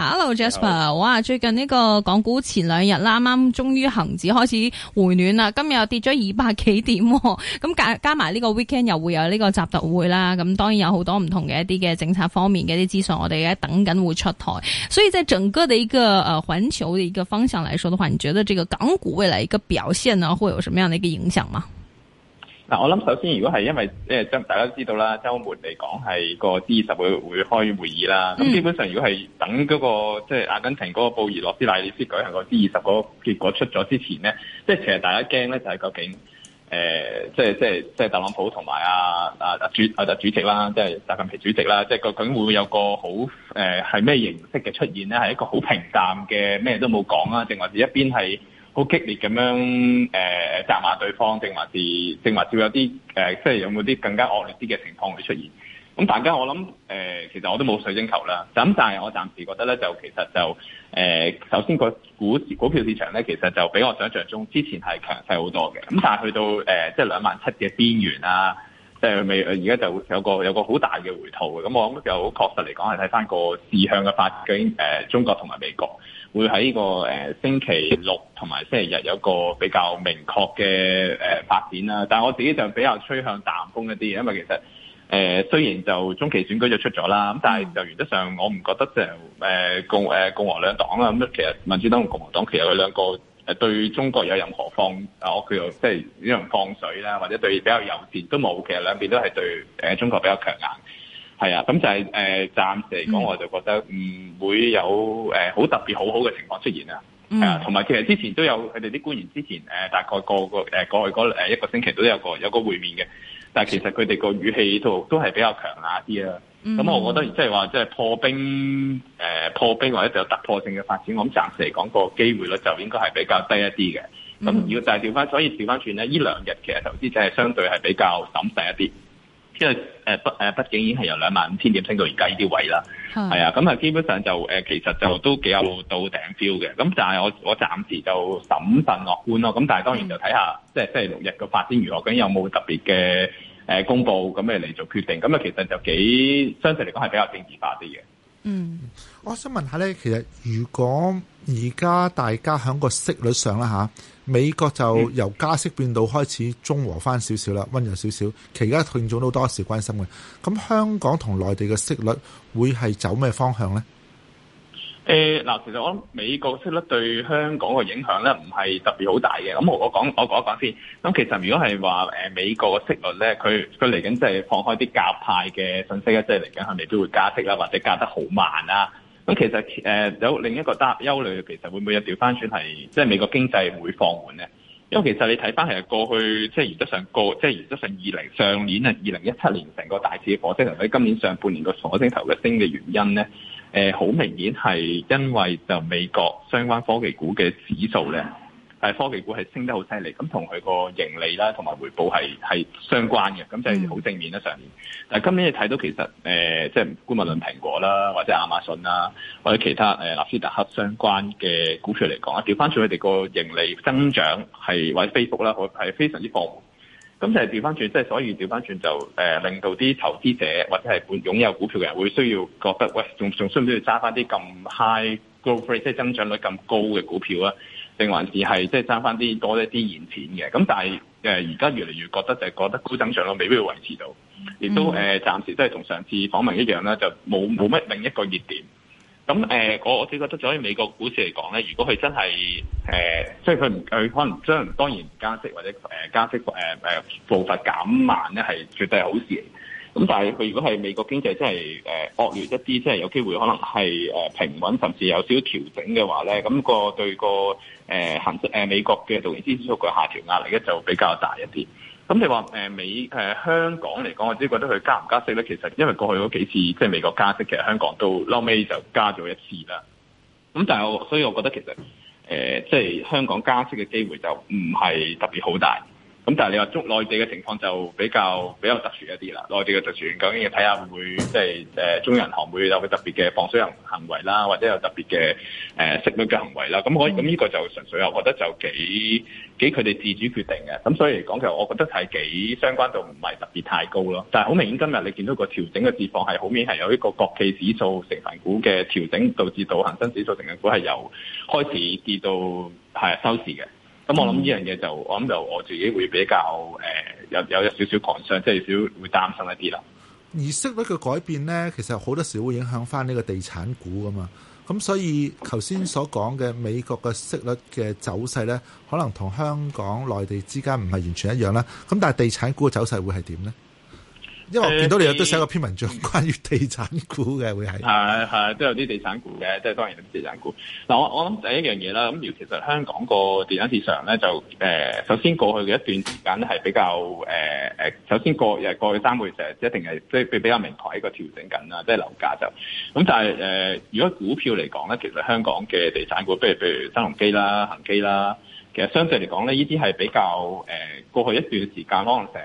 Hello Jasper，Hello. 哇！最近呢個港股前兩日啦，啱啱終於恒指開始回暖啦，今日又跌咗二百幾點、哦，咁加加埋呢個 weekend 又會有呢個習特會啦，咁當然有好多唔同嘅一啲嘅政策方面嘅一啲資訊，我哋咧等緊會出台，所以即係整個一個誒環、呃、球嘅一個方向嚟說嘅話，你覺得呢個港股未來一個表現呢，會有什麼樣的一個影響嗎？嗱，我諗首先，如果係因為，即係週大家都知道啦，周末嚟講係個 G20 會會開會議啦。咁、嗯、基本上，如果係等嗰、那個即係、就是、阿根廷嗰個布宜諾斯艾利斯舉行個 G20 嗰個結果出咗之前咧，即、就、係、是、其實大家驚咧就係究竟，誒、呃，即係即係即係特朗普同埋阿阿主阿特、啊、主席啦，即係習近平主席啦，即、就、係、是、究竟會唔會有個好誒係咩形式嘅出現咧？係一個好平淡嘅咩都冇講啊，定或是一邊係？好激烈咁樣誒責、呃、罵對方，定還是定還是有啲、呃、即係有冇啲更加惡劣啲嘅情況會出現？咁大家我諗誒、呃，其實我都冇水晶球啦。咁但係我暫時覺得咧，就其實就誒、呃，首先個股股票市場咧，其實就比我想象中之前係強勢好多嘅。咁但係去到誒、呃、即係兩萬七嘅邊緣啦、啊，即係未而家就有個有個好大嘅回吐，咁我諗就確實嚟講係睇翻個志向嘅發展誒、呃，中國同埋美國會喺呢個星期六同埋星期日有個比較明確嘅發展啦，但係我自己就比較趨向淡風一啲，因為其實、呃、雖然就中期選舉就出咗啦，咁但係就原則上我唔覺得就係、是呃、共、呃、共和兩黨啊，咁、嗯、其實民主黨同共和黨其實佢兩個對中國有任何放啊，我覺得即係呢樣放水啦，或者對比較友善都冇，其實兩邊都係對、呃、中國比較強硬。係啊，咁就係、是呃、暫時嚟講我就覺得唔、嗯、會有好、呃、特別好好嘅情況出現、嗯、啊。啊，同埋其實之前都有佢哋啲官員之前、呃、大概個個誒過去一個星期都有個有個會面嘅，但其實佢哋個語氣都都係比較強硬啲啊。咁、嗯、我覺得即係話即係破冰誒、呃、破冰或者有突破性嘅發展，我諗暫時嚟講個機會率就應該係比較低一啲嘅。咁、嗯、要就係調翻，所以調翻轉咧，呢兩日其實投資者係相對係比較審細一啲。因為誒不誒畢竟已經係由兩萬五千點升到而家呢啲位啦，係啊的，咁啊基本上就其實就都幾有到頂 feel 嘅，咁但係我我暫時就審慎樂觀咯，咁但係當然就睇下即係星期六日個發展如何，究竟有冇特別嘅公佈，咁誒嚟做決定，咁啊其實就幾相對嚟講係比較政治化啲嘅。嗯，我想問下咧，其實如果而家大家喺個息率上啦嚇。美國就由加息變到開始中和翻少少啦，溫、嗯、柔少少，其他聽眾都多時時關心嘅。咁香港同內地嘅息率會係走咩方向咧？誒嗱、呃，其實我諗美國嘅息率對香港嘅影響咧，唔係特別好大嘅。咁我我講我講一講先。咁其實如果係話美國嘅息率咧，佢佢嚟緊即係放開啲鴿派嘅信息咧，即係嚟緊係未必會加息啦，或者加得好慢啊。咁其實誒有、呃、另一個擔憂慮其實會唔會有調翻轉係，即、就、係、是、美國經濟會放緩呢？因為其實你睇翻係過去，即、就、係、是、原則上過，即、就、係、是、原則上二零上年啊，二零一七年成個大市嘅火星頭，喺、就是、今年上半年個火星頭嘅升嘅原因呢，誒、呃、好明顯係因為就美國相關科技股嘅指數呢。係科技股係升得好犀利，咁同佢個盈利啦，同埋回報係係相關嘅，咁就係好正面啦、嗯、上年，但係今年你睇到其實誒、呃，即係姑勿論蘋果啦，或者亞馬遜啦，或者其他誒納、呃、斯達克相關嘅股票嚟講，調翻轉佢哋個盈利增長係、嗯、或者 Facebook 啦，係非常之放緩。咁就係調翻轉，即係所以調翻轉就誒、呃，令到啲投資者或者係擁有股票嘅人會需要覺得，喂，仲仲需唔需要揸翻啲咁 high growth 即係增長率咁高嘅股票啊？定還是係即係爭翻啲多一啲現錢嘅，咁但係誒而家越嚟越覺得就係、是、覺得高增長咯，未必會維持到，亦都誒、呃、暫時都係同上次訪問一樣啦，就冇冇乜另一個熱點。咁誒、呃，我我只覺得，就喺美國股市嚟講咧，如果佢真係誒，即係佢唔佢可能將當然加息或者誒加息誒誒、呃、步伐減慢咧，係絕對係好事。嚟。咁但係佢如果係美國經濟真係誒惡劣一啲，即、就、係、是、有機會可能係誒、呃、平穩，甚至有少少調整嘅話咧，咁、那個對個。誒行，誒美國嘅導演資息佢下調壓力咧就比較大一啲，咁你話誒美誒香港嚟講我只覺得佢加唔加息咧，其實因為過去嗰幾次即係美國加息，其實香港都撈尾就加咗一次啦。咁但係我所以，我覺得其實誒、呃、即係香港加息嘅機會就唔係特別好大。咁但係你話中內地嘅情況就比較比較特殊一啲啦，內地嘅特殊究竟要睇下會即係中央銀行會有個特別嘅放水行行為啦，或者有特別嘅息率嘅行為啦。咁可以，咁呢個就純粹我覺得就幾幾佢哋自主決定嘅。咁所以嚟講其實我覺得係幾相關度唔係特別太高咯。但係好明顯今日你見到個調整嘅情況係好明顯係有一個國企指數成分股嘅調整導致到恒生指數成分股係由開始跌到收市嘅。咁我諗呢樣嘢就，我諗就我自己會比較誒有有一少少狂傷，即係少會擔心一啲啦。而息率嘅改變咧，其實好多時會影響翻呢個地產股噶嘛。咁所以頭先所講嘅美國嘅息率嘅走勢咧，可能同香港內地之間唔係完全一樣啦。咁但係地產股嘅走勢會係點咧？因為我見到你有都寫過篇文章關於地產股嘅，會係係係都有啲地產股嘅，即係當然有啲地產股。嗱我我諗第一樣嘢啦，咁其實香港個地產市場咧就、呃、首先過去嘅一段時間咧係比較、呃、首先過去，過去三個月成日一定係即係比比較明確一個調整緊啦，即、就、係、是、樓價就咁。但係、呃、如果股票嚟講咧，其實香港嘅地產股，譬如譬如新鴻基啦、恒基啦，其實相對嚟講咧，呢啲係比較、呃、過去一段時間可能成。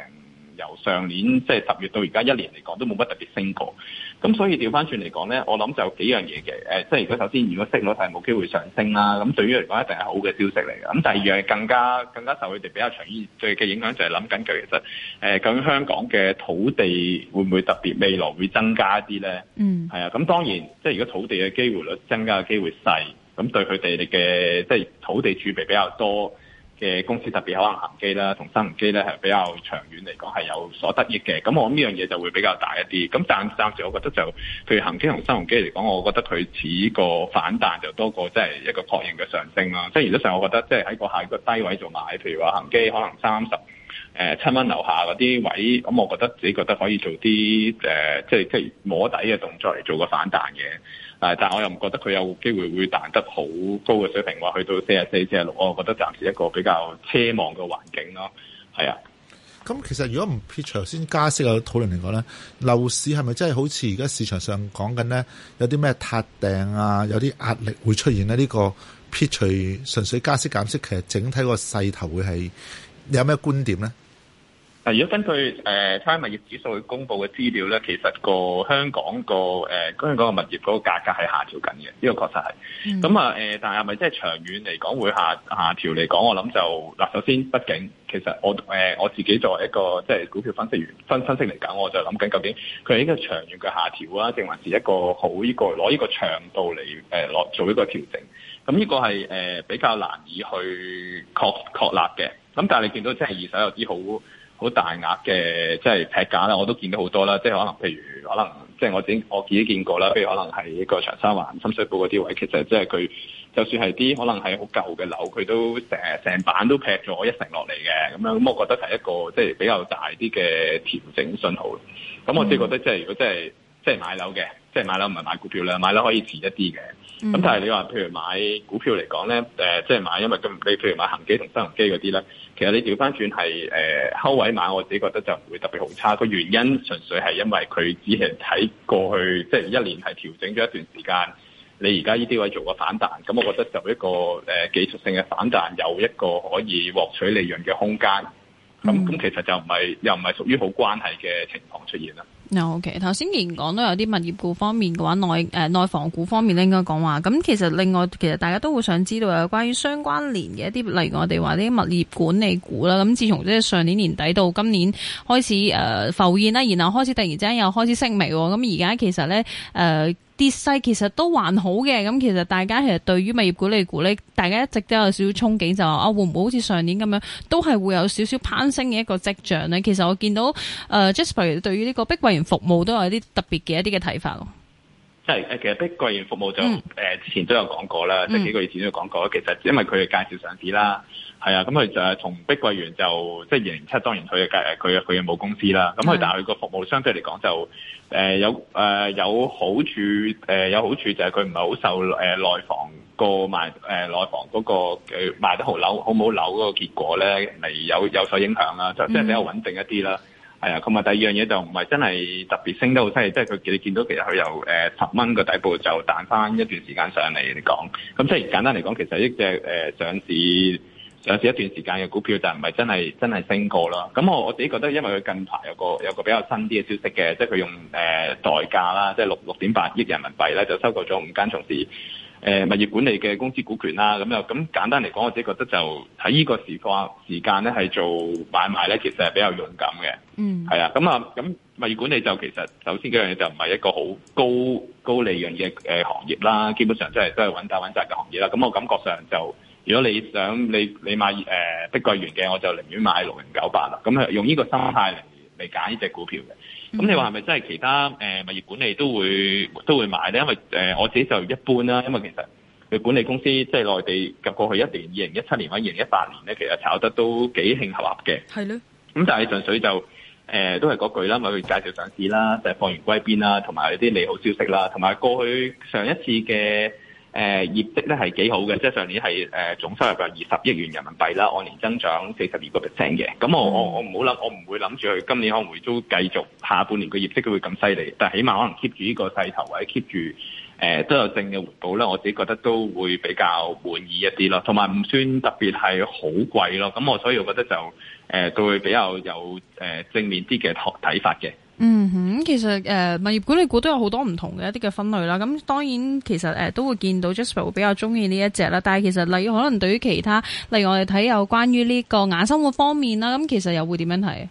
由上年即係十月到而家一年嚟講，都冇乜特別升過。咁所以調翻轉嚟講咧，我諗就有幾樣嘢嘅、呃。即係如果首先如果息率，但係冇機會上升啦。咁對於嚟講，一定係好嘅消息嚟嘅。咁第二樣更加更加受佢哋比較長遠嘅影響，就係諗緊佢其實、呃、究竟香港嘅土地會唔會特別未來會增加啲咧？嗯、呃，係啊。咁當然，即係如果土地嘅機會率增加嘅機會細，咁對佢哋嘅即係土地儲備比較多。嘅公司特別可能恆基啦，同新鴻基咧，係比較長遠嚟講係有所得益嘅，咁我諗呢樣嘢就會比較大一啲。咁但暫時我覺得就，譬如恆基同新鴻基嚟講，我覺得佢似個反彈就多過即係一個確認嘅上升啦。即係如果上，我覺得即係喺個下一個低位做買，譬如話恆基可能三十，誒、呃、七蚊樓下嗰啲位，咁我覺得自己覺得可以做啲誒、呃，即係即係摸底嘅動作嚟做個反彈嘅、呃。但我又唔覺得佢有機會會彈得好高嘅水平，話去到四十四、四十六，我覺得暫時一個比較奢望嘅環境咯。係啊，咁其實如果唔撇除頭先加息嘅討論嚟講咧，樓市係咪真係好似而家市場上講緊咧？有啲咩撻訂啊？有啲壓力會出現咧？呢、這個撇除純粹加息減息，其實整體個勢頭會係有咩觀點咧？如果根據誒，台、呃、灣物業指數去公佈嘅資料咧，其實個香港個誒、呃，香港嘅物業嗰個價格係下調緊嘅，呢、呢個確實係。咁啊、嗯呃、但係係咪即係長遠嚟講會下下調嚟講？我諗就嗱，首先畢竟其實我、呃、我自己作為一個即係股票分析員分分析嚟講，我就諗緊究竟佢係一個長遠嘅下調啊，定還是一個好呢、呢個攞呢個長度嚟、呃、做一個調整？咁呢個係、呃、比較難以去確，確立嘅。咁但係你見到即係二手有啲好。好大額嘅即係劈價啦，我都見到好多啦，即係可能譬如可能即係我自己我自己見過啦，譬如可能係一個長沙灣、深水埗嗰啲位，其實即係佢就算係啲可能係好舊嘅樓，佢都成成板都劈咗一成落嚟嘅咁樣，咁、mm. 我覺得係一個即係比較大啲嘅調整信號。咁我自己覺得即係如果即係即係買樓嘅，即係買樓唔係買股票啦，買樓可以遲一啲嘅。咁但係你話，譬如買股票嚟講咧，誒，即係買，因為咁你譬如買恒基同德銀基新鴻基嗰啲咧，其實你調翻轉係誒高位買，我自己覺得就唔會特別好差。個原因純粹係因為佢只係睇過去，即係一年係調整咗一段時間，你而家呢啲位做個反彈，咁我覺得就一個誒技術性嘅反彈，有一個可以獲取利潤嘅空間。咁咁其實就唔係，又唔係屬於好關係嘅情況出現啦。OK 頭先既然講到有啲物業股方面嘅話內誒、呃、內房股方面咧應該講話，咁其實另外其實大家都會想知道有關於相關連嘅一啲，例如我哋話啲物業管理股啦，咁自從即係上年年底到今年開始誒、呃、浮現啦，然後開始突然之間又開始升微，咁而家其實咧誒、呃、跌勢其實都還好嘅，咁其實大家其實對於物業管理股咧，大家一直都有少少憧憬，就話啊會唔會好似上年咁樣都係會有少少攀升嘅一個跡象呢？其實我見到誒、呃、Jasper 對於呢個碧桂服務都有啲特別嘅一啲嘅睇法咯，即係誒，其實碧桂園服務就誒，嗯、之前都有講過啦，即係、嗯、幾個月前都有講過。其實因為佢係介紹上市啦，係啊，咁佢就係同碧桂園就即係二零七，就是、當然佢嘅佢佢嘅母公司啦。咁佢但係佢個服務相對嚟講就誒有誒有好處誒有好處就係佢唔係好受誒內房,的賣內房個賣誒內房嗰個誒賣得好樓好唔好樓嗰個結果咧嚟有有所影響啦，就即、是、係比較穩定一啲啦。嗯係啊，同埋第二樣嘢就唔係真係特別升得好犀利，即係佢你見到其實佢由誒十蚊個底部就彈返一段時間上嚟嚟講，咁即係簡單嚟講，其實一隻誒、呃、上市上市一段時間嘅股票就唔係真係真係升過啦。咁我我自己覺得，因為佢近排有個有個比較新啲嘅消息嘅，即係佢用、呃、代價啦，即係六六點八億人民幣咧就收購咗五間從事，誒、呃、物業管理嘅公司股權啦，咁咁簡單嚟講，我自己覺得就喺呢個時況時間咧，係做買賣咧，其實係比較勇敢嘅。嗯，係啊，咁啊，咁物業管理就其實首先嗰樣嘢就唔係一個好高高利潤嘅行業啦，嗯、基本上真係都係穩打穩紮嘅行業啦。咁我感覺上就如果你想你你買誒碧桂園嘅，我就寧願買六零九八啦。咁用呢個心態嚟揀呢隻股票嘅。咁你話係咪真係其他誒物業管理都會都會買咧？因為誒、呃、我自己就一般啦，因為其實物業管理公司即係、就是、內地及過去一年二零一七年或者二零一八年咧，其實炒得都幾興合合嘅。係咧呢。咁但係純粹就誒、呃、都係嗰句啦，咪去介紹上市啦，就是、放完歸邊啦，同埋一啲利好消息啦，同埋過去上一次嘅。誒、呃、業績咧係幾好嘅，即係上年係誒、呃、總收入有二十億元人民幣啦，按年增長四十二個 percent 嘅。咁我我我唔好諗，我唔會諗住佢今年可能會都繼續下半年個業績都會咁犀利，但係起碼可能 keep 住呢個勢頭或者 keep 住誒都有正嘅回報呢，我自己覺得都會比較滿意一啲咯，同埋唔算特別係好貴咯。咁我所以我覺得就誒、呃、都會比較有誒正面啲嘅睇法嘅。嗯，哼，其實誒、呃，物業管理股都有好多唔同嘅一啲嘅分類啦。咁當然，其實誒、呃、都會見到 Jasper 會比較中意呢一隻啦。但係其實例如可能對於其他，例如我哋睇有關於呢個雅生活方面啦，咁其實又會點樣睇？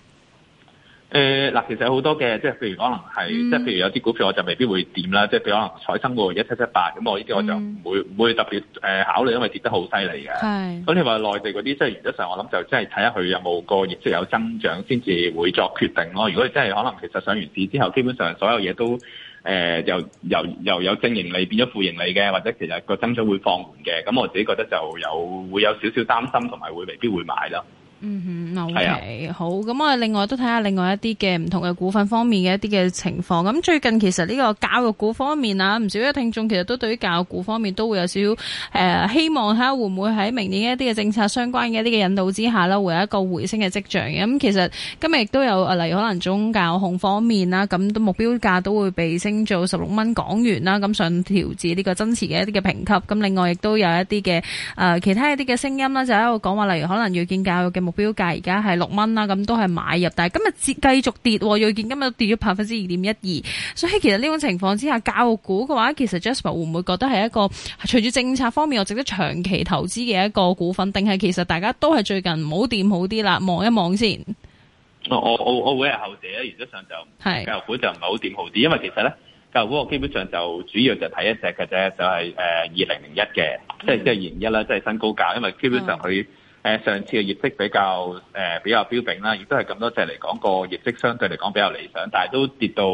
誒嗱、呃，其實好多嘅，即係譬如可能係，即係、嗯、譬如有啲股票我就未必會點啦，即係譬如可能彩生活一七七八，咁我呢啲我就唔會唔、嗯、會特別誒考慮，因為跌得好犀利嘅。係的，咁你話內地嗰啲，即係原則上我諗就即係睇下佢有冇個業績有增長先至會作決定咯。如果你真係可能其實上完市之後，基本上所有嘢都誒又又又有正盈利變咗負盈利嘅，或者其實個增長會放緩嘅，咁我自己覺得就有會有少少擔心同埋會未必會買咯。嗯 o、okay, k、嗯、哼好。咁我哋另外都睇下另外一啲嘅唔同嘅股份方面嘅一啲嘅情況。咁最近其實呢個教育股方面啊，唔少嘅聽眾其實都對於教育股方面都會有少少誒希望，睇下會唔會喺明年一啲嘅政策相關嘅一啲嘅引導之下咧，會有一個回升嘅跡象嘅。咁、嗯、其實今日亦都有啊，例如可能中教控方面啦，咁目標價都會被升做十六蚊港元啦，咁上調至呢個增持嘅一啲嘅評級。咁另外亦都有一啲嘅誒其他一啲嘅聲音啦，就喺度講話，例如可能睿見教育嘅目標價而家係六蚊啦，咁都係買入，但係今日接繼續跌，預見今日跌咗百分之二點一二，所以其實呢種情況之下，教育股嘅話，其實 Jasper 會唔會覺得係一個隨住政策方面，我值得長期投資嘅一個股份，定係其實大家都係最近唔好掂好啲啦，望一望先。我我我我會係後者，原則上就係教育股就唔係好掂好啲，因為其實咧教育股我基本上就主要就睇一隻嘅啫，就係誒二零零一嘅，即係即係二零零一啦，即係新高價，因為基本上佢。誒上次嘅業績比較誒、呃、比較彪炳啦，亦都係咁多隻嚟講個業績相對嚟講比較理想，但係都跌到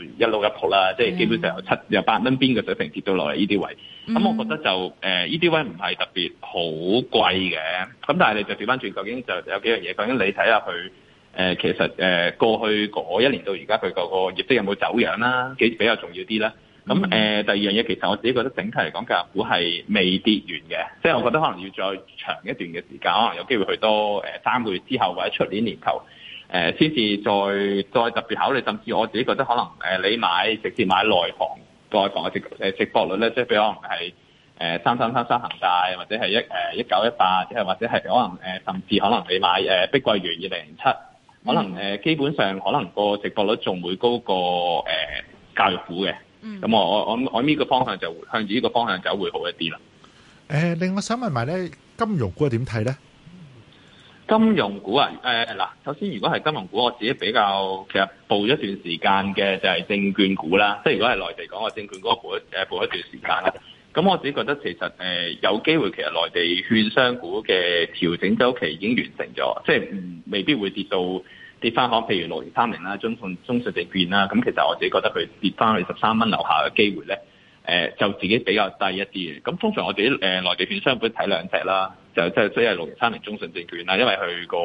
一路一仆啦，mm. 即係基本上有七、有八蚊邊嘅水平跌到落嚟呢啲位。咁、mm. 嗯、我覺得就誒呢啲位唔係特別好貴嘅，咁但係你就調翻轉，究竟就有幾樣嘢？究竟你睇下佢、呃、其實、呃、過去一年到而家佢個個業績有冇走樣啦？幾比較重要啲咧？咁、呃、第二樣嘢其實我自己覺得整體嚟講，教育股係未跌完嘅，即係我覺得可能要再長一段嘅時間，的可能有機會去多、呃、三個月之後或者出年年頭先至再再特別考慮。甚至我自己覺得可能、呃、你買直接買內行，再講個直誒殖、呃、博率咧，即係譬如可能係三三三三恒大，或者係一一九一八，即或者係可能、呃、甚至可能你買、呃、碧桂園二零零七，可能、呃、基本上可能個直博率仲會高過、呃、教育股嘅。咁、嗯、我我我我呢個方向就向住呢個方向走會好一啲啦。誒、呃，另我想問埋咧，金融股係點睇咧？金融股啊，嗱、呃，首先如果係金融股，我自己比較其實報咗一段時間嘅就係證券股啦。即係如果係內地講嘅證券股，報一報一段時間啦。咁我自己覺得其實誒、呃、有機會，其實內地券商股嘅調整周期已經完成咗，即係唔未必會跌到。跌翻可，譬如六零三零啦，中信中信證券啦，咁其實我自己覺得佢跌翻去十三蚊樓下嘅機會咧，就自己比較低一啲。咁通常我自己誒、呃、內地券商反睇兩隻啦，就即係即係六零三零、就是、30，中信證券啦，因為佢個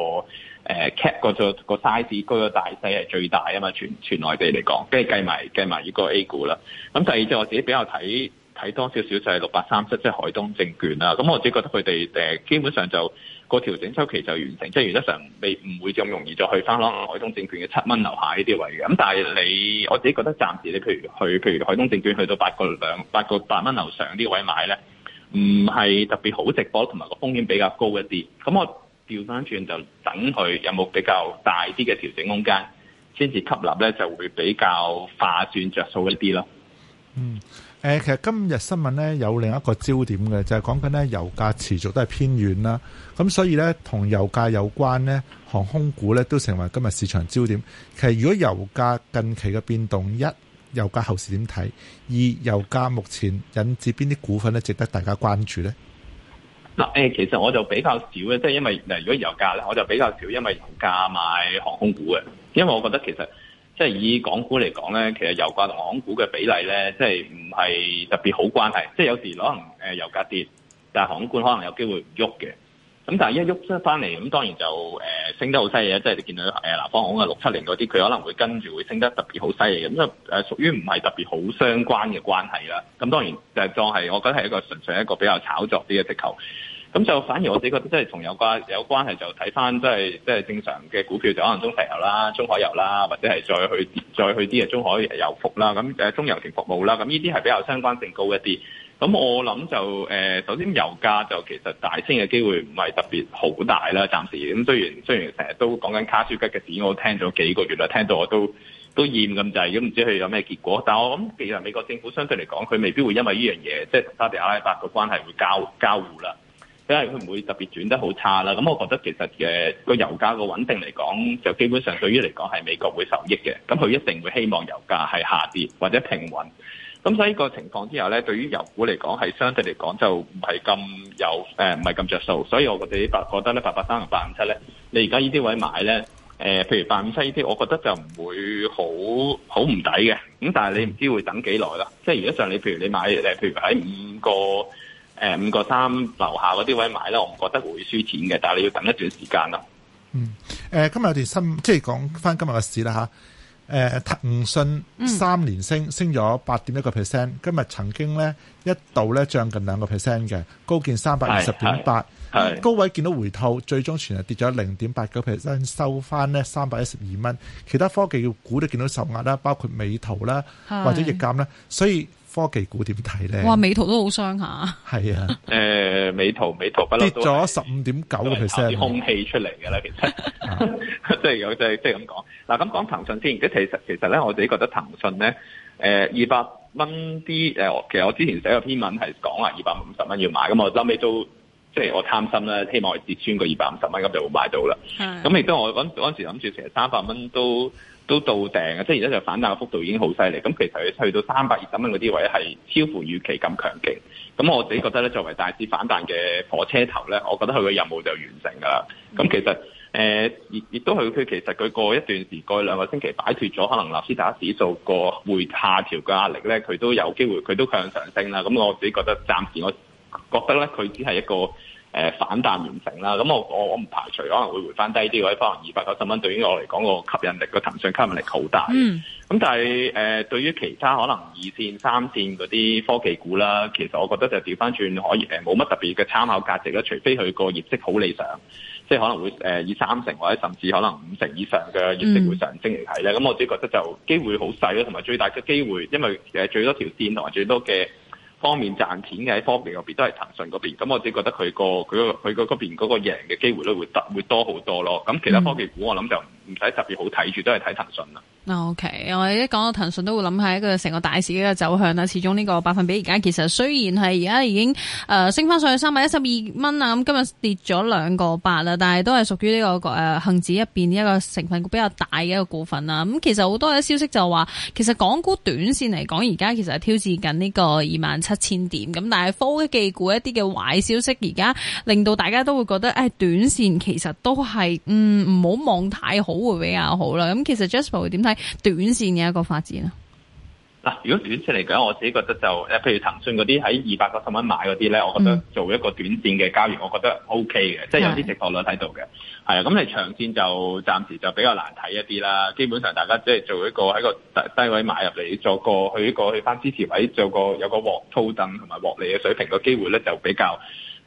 誒 cap 個 size 個大細係最大啊嘛，全全內地嚟講，跟住計埋計埋呢個 A 股啦。咁第二隻我自己比較睇睇多少少就係六百三七，即係海通證券啦。咁我自己覺得佢哋、呃、基本上就。個調整周期就完成，即係原則上未唔會咁容易再去翻咯。海通證券嘅七蚊樓下呢啲位嘅，咁但係你我自己覺得暫時你譬如去，譬如，去譬如海通證券去到八個兩八個八蚊樓上呢啲位買咧，唔係特別好直播，同埋個風險比較高一啲。咁我調翻轉就等佢有冇比較大啲嘅調整空間，先至吸納咧就會比較化算着數一啲咯。嗯。誒，其實今日新聞咧有另一個焦點嘅，就係講緊咧油價持續都係偏軟啦。咁所以咧同油價有關咧，航空股咧都成為今日市場焦點。其實如果油價近期嘅變動，一，油價後市點睇？二，油價目前引致邊啲股份咧值得大家關注咧？嗱，誒，其實我就比較少嘅，即係因為嗱，如果油價咧，我就比較少因為油價買航空股嘅，因為我覺得其實。即係以港股嚟講咧，其實油價同港股嘅比例咧，即係唔係特別好關係。即係有時可能誒油價跌，但係港股可能有機會唔喐嘅。咁但係一喐翻嚟，咁當然就誒升得好犀利。即係你見到誒南方航嘅六七年嗰啲，佢可能會跟住會升得特別好犀利。咁即屬於唔係特別好相關嘅關係啦。咁當然，就當係我覺得係一個純粹一個比較炒作啲嘅直球。咁就反而我自己覺得即係同有關有關係，就睇翻即係即係正常嘅股票，就可能中石油啦、中海油啦，或者係再去再去啲啊中海油服啦、咁中油停服務啦，咁呢啲係比較相關性高一啲。咁我諗就首先油價就其實大升嘅機會唔係特別好大啦，暫時。咁雖然雖然成日都講緊卡舒吉嘅事，我聽咗幾個月啦，聽到我都都厭咁就係，咁唔知佢有咩結果。但係我諗其實美國政府相對嚟講，佢未必會因為呢樣嘢，即係同沙特阿拉伯個關係會交互交互啦。即係佢唔會特別轉得好差啦，咁我覺得其實嘅個油價個穩定嚟講，就基本上對於嚟講係美國會受益嘅，咁佢一定會希望油價係下跌或者平穩。咁所以個情況之下咧，對於油股嚟講係相對嚟講就唔係咁有誒，唔係咁着數。所以我覺得八覺得咧，八八三同八五七咧，你而家呢啲位買咧，誒，譬如八五七呢啲，我覺得就唔會好好唔抵嘅。咁但係你唔知會等幾耐啦，即係如果上你譬如你買誒，譬如喺五個。誒，五個三樓下嗰啲位買咧，我唔覺得會輸錢嘅，但係你要等一段時間啦。嗯。誒、呃，今日我哋新即係講翻今日嘅市啦嚇。誒、呃，騰訊三連升，嗯、升咗八點一個 percent。今日曾經咧一度咧漲近兩個 percent 嘅高見三百二十點八，係高位見到回吐，最終全日跌咗零點八九 percent，收翻呢三百一十二蚊。其他科技股都見到受壓啦，包括美圖啦或者易鑑啦，是啦，所以。科技股點睇咧？哇！美圖都好傷下，係啊，誒、 呃、美圖，美圖不嬲跌咗十五點九個 percent 空氣出嚟嘅啦，其實即係有即係即係咁講。嗱咁講騰訊先，即係其實其實咧，我自己覺得騰訊咧，誒二百蚊啲誒，其實我之前寫個篇文係講話二百五十蚊要買，咁我後尾都。即係我貪心啦，希望係跌穿個二百五十蚊咁就會買到啦。咁亦的都我嗰嗰陣時諗住成日三百蚊都都到訂，即係而家就反彈嘅幅度已經好犀利。咁其實佢去到三百二十蚊嗰啲位係超乎預期咁強勁。咁我自己覺得咧，作為大市反彈嘅火車頭咧，我覺得佢嘅任務就完成㗎啦。咁其實誒，亦亦的、呃、都佢佢其實佢過一段時間，過兩個星期擺脫咗可能納斯達克指數個會下調嘅壓力咧，佢都有機會，佢都向上升啦。咁我自己覺得暫時我。覺得咧，佢只係一個誒、呃、反彈完成啦。咁我我我唔排除可能會回翻低啲，或者可能二百九十蚊對於我嚟講、個吸引力、個騰訊吸引力好大。咁、嗯、但係誒、呃，對於其他可能二線、三線嗰啲科技股啦，其實我覺得就調翻轉可以誒，冇、呃、乜特別嘅參考價值啦。除非佢個業績好理想，即係可能會、呃、以三成或者甚至可能五成以上嘅業績會上升嚟睇咧。咁、嗯、我自己覺得就機會好細啦，同埋最大嘅機會，因為誒最多條線同埋最多嘅。方面賺錢嘅喺科技嗰邊都係騰訊嗰邊，咁我自己覺得佢個佢個佢個嗰邊嗰個贏嘅機會率會得會多好多咯。咁其他科技股我諗就。嗯唔使特別好睇住，都係睇騰訊啦。嗱，OK，我哋一講到騰訊，都會諗下一個成個大市嘅走向啦。始終呢個百分比而家其實雖然係而家已經誒升翻上去三百一十二蚊啦，咁今日跌咗兩個八啦，但係都係屬於呢個誒恆指入面一個成分股比較大嘅一個股份啦。咁其實好多嘅消息就話，其實港股短線嚟講，而家其實係挑戰緊呢個二萬七千點咁。但係科技股一啲嘅壞消息而家令到大家都會覺得誒，短線其實都係唔唔好望太好。好會比較好啦，咁其實 Jasper 會點睇短線嘅一個發展啊？嗱，如果短線嚟講，我自己覺得就誒，譬如騰訊嗰啲喺二百九十蚊買嗰啲咧，我覺得做一個短線嘅交易，嗯、我覺得 O K 嘅，嗯、即係有啲直播率喺度嘅。係啊是，咁你長線就暫時就比較難睇一啲啦。基本上大家即係做一個喺個低位買入嚟做過去一個去翻支持位，做個有個獲套等同埋獲利嘅水平嘅機、那個、會咧，就比較、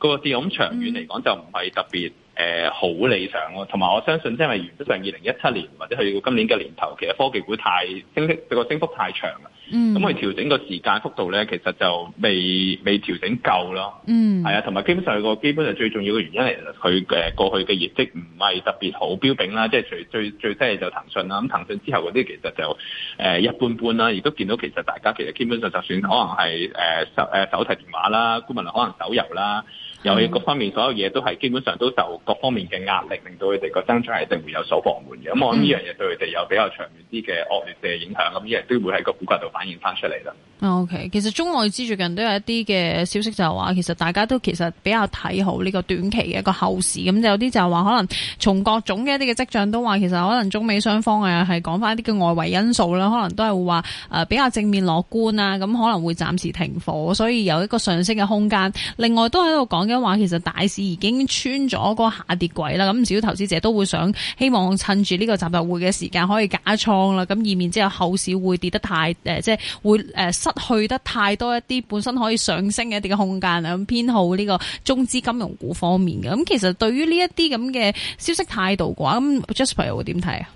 那個跌。咁長遠嚟講就唔係特別。嗯誒好、呃、理想咯、啊，同埋我相信，即係原則上二零一七年或者去到今年嘅年頭，其實科技股太升息，個升幅太長啦。嗯。咁佢調整個時間幅度咧，其實就未未調整夠咯。嗯。係啊，同埋基本上個基本上最重要嘅原因係佢誒過去嘅業績唔係特別好標炳啦，即係最最最即係就是騰訊啦。咁騰訊之後嗰啲其實就誒、呃、一般般啦，亦都見到其實大家其實基本上就算可能係誒手誒手提電話啦，顧問可能手遊啦。由於各方面所有嘢都係基本上都受各方面嘅壓力，令到佢哋個增長係一定會有所放緩嘅。咁我諗呢樣嘢對佢哋有比較長遠啲嘅惡劣嘅影響，咁亦、嗯、都會喺個股價度反映翻出嚟啦。o、okay, k 其實中外資住人都有一啲嘅消息就係話，其實大家都其實比較睇好呢個短期嘅一個後市。咁有啲就係話，可能從各種嘅一啲嘅跡象都話，其實可能中美雙方誒係講翻一啲嘅外圍因素啦，可能都係會話誒、呃、比較正面樂觀啊，咁可能會暫時停火，所以有一個上升嘅空間。另外都喺度講緊。話其實大市已經穿咗個下跌軌啦，咁唔少投資者都會想希望趁住呢個集會嘅時間可以加倉啦，咁以免之後後市會跌得太誒、呃，即係會誒失去得太多一啲本身可以上升嘅一啲嘅空間。咁偏好呢個中資金融股方面嘅，咁其實對於呢一啲咁嘅消息態度嘅話，咁 Jasper 又會點睇啊？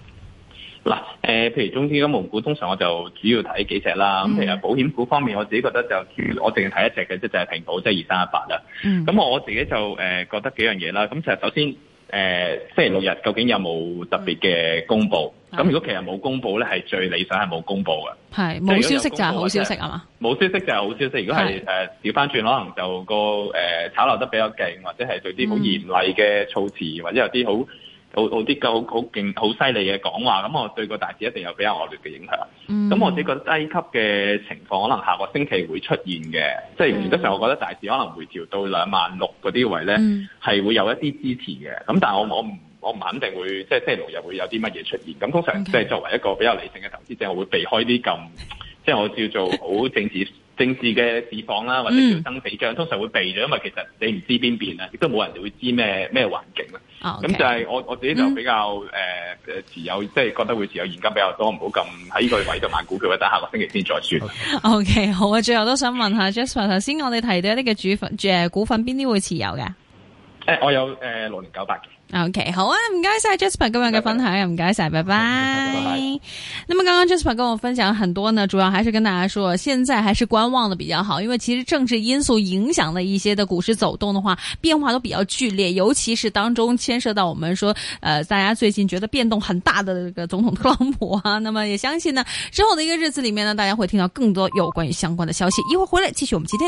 嗱，誒、呃，譬如中資嘅金融股，通常我就主要睇幾隻啦。咁、嗯、其實保險股方面，我自己覺得就我淨係睇一隻嘅，即、就、係、是、平保，即係二三一八啦。咁我自己就誒、呃、覺得幾樣嘢啦。咁其實首先，誒、呃，星期六日究竟有冇特別嘅公布？咁、嗯、如果其實冇公布咧，係最理想係冇公布嘅。冇是消息就係好消息啊嘛。冇消息就係好消息。是如果係誒調翻轉，可能就個誒、呃、炒樓得比較勁，或者係對啲好嚴厲嘅措辭，嗯、或者有啲好，好好啲夠好勁好犀利嘅講話，咁我對個大市一定有比較惡劣嘅影響。咁我自己覺得低級嘅情況，可能下個星期會出現嘅，即係原則上，我覺得大市可能會、嗯嗯、會回調到兩萬六嗰啲位咧，係會有一啲支持嘅。咁、嗯、但係我我唔我唔肯定會即係星期六日會有啲乜嘢出現。咁通常即係作為一個比較理性嘅投資者，我會避開啲咁、嗯、即係我叫做好政治。嗯嗯政治嘅市況啦、啊，或者叫生死仗，嗯、通常會避咗，因為其實你唔知邊邊啊，亦都冇人哋會知咩咩環境啦。咁就係我我自己就比較誒誒、嗯呃、持有，即、就、係、是、覺得會持有現金比較多，唔好咁喺呢個位度買股票，或者下個星期先再算。Okay. OK，好啊！最後都想問下 Jasper 頭先我哋提到一啲嘅主份誒股份，邊啲會持有嘅？誒、欸，我有誒六零九八嘅。呃 6, 0, 9, OK，好啊，我們該晒 Jasper 各位的分享，我們該晒，拜拜。那麼剛剛 Jasper 跟我分享很多呢，主要還是跟大家說，現在還是觀望的比較好，因為其實政治因素影響的一些的股市走動的話，變化都比較劇烈，尤其是當中牽涉到我們說，呃，大家最近覺得變動很大的這個總統特朗普啊，那麼也相信呢，之後的一個日子裏面呢，大家會聽到更多有關於相關的消息。一會兒回來繼續我們今天的。